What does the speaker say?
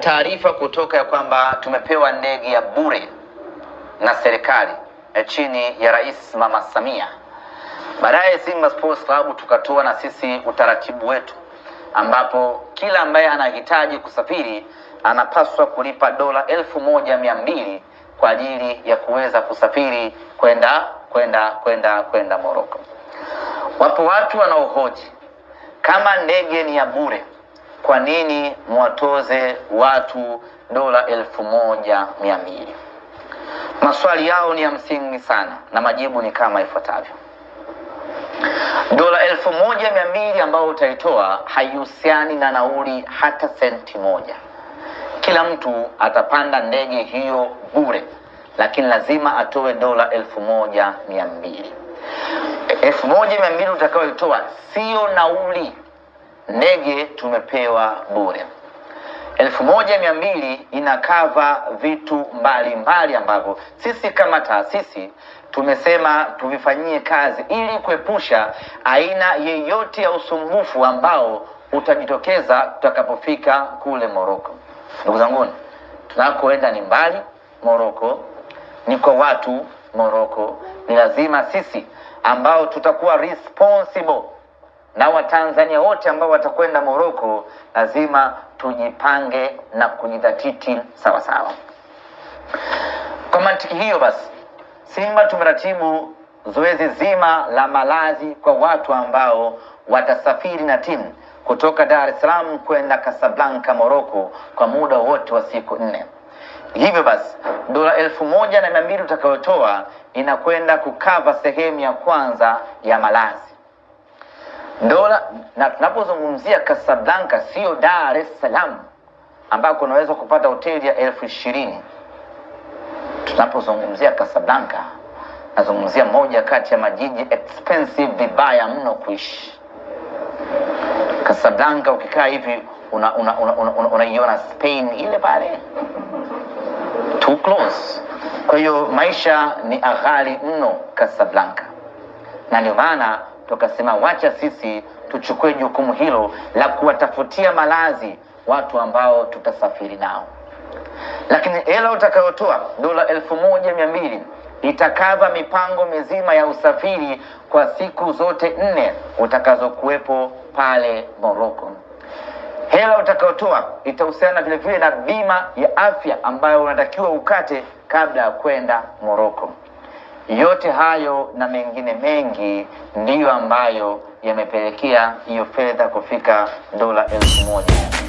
Taarifa kutoka ya kwamba tumepewa ndege ya bure na serikali e, chini ya Rais Mama Samia. Baadaye Simba Sports Club tukatoa na sisi utaratibu wetu, ambapo kila ambaye anahitaji kusafiri anapaswa kulipa dola elfu moja mia mbili kwa ajili ya kuweza kusafiri kwenda kwenda kwenda kwenda Morocco. Wapo watu wanaohoji kama ndege ni ya bure kwa nini mwatoze watu dola elfu moja mia mbili? Maswali yao ni ya msingi sana na majibu ni kama ifuatavyo. Dola elfu moja mia mbili ambayo utaitoa haihusiani na nauli hata senti moja. Kila mtu atapanda ndege hiyo bure, lakini lazima atoe dola elfu moja mia mbili. Elfu moja mia mbili utakayoitoa sio nauli ndege tumepewa bure. elfu moja mia mbili inakava vitu mbalimbali mbali ambavyo sisi kama taasisi tumesema tuvifanyie kazi ili kuepusha aina yeyote ya usumbufu ambao utajitokeza tutakapofika kule Moroko. Ndugu zanguni, tunakoenda ni mbali, Moroko ni kwa watu Moroko, ni lazima sisi ambao tutakuwa responsible na Watanzania wote ambao watakwenda Moroko lazima tujipange na kujidhatiti sawa sawa. Kwa mantiki hiyo basi, Simba tumeratibu zoezi zima la malazi kwa watu ambao watasafiri na timu kutoka Dar es Salaam kwenda Casablanca moroko kwa muda wote wa siku nne. Hivyo basi dola elfu moja na mia mbili utakayotoa inakwenda kukava sehemu ya kwanza ya malazi dola. Na tunapozungumzia kasablanka sio Dar es Salaam ambako unaweza kupata hoteli ya elfu ishirini. Tunapozungumzia kasablanka nazungumzia moja kati ya majiji expensive vibaya mno kuishi. kasablanka ukikaa hivi unaiona una, una, una, una, una Spain ile pale, too close. Kwa hiyo maisha ni aghali mno kasablanka na ndio maana tukasema wacha sisi tuchukue jukumu hilo la kuwatafutia malazi watu ambao tutasafiri nao, lakini hela utakayotoa dola elfu moja mia mbili itakava mipango mizima ya usafiri kwa siku zote nne utakazokuwepo pale Moroko. Hela utakayotoa itahusiana vilevile na bima ya afya ambayo unatakiwa ukate kabla ya kwenda Moroko. Yote hayo na mengine mengi ndiyo ambayo yamepelekea hiyo fedha kufika dola elfu moja.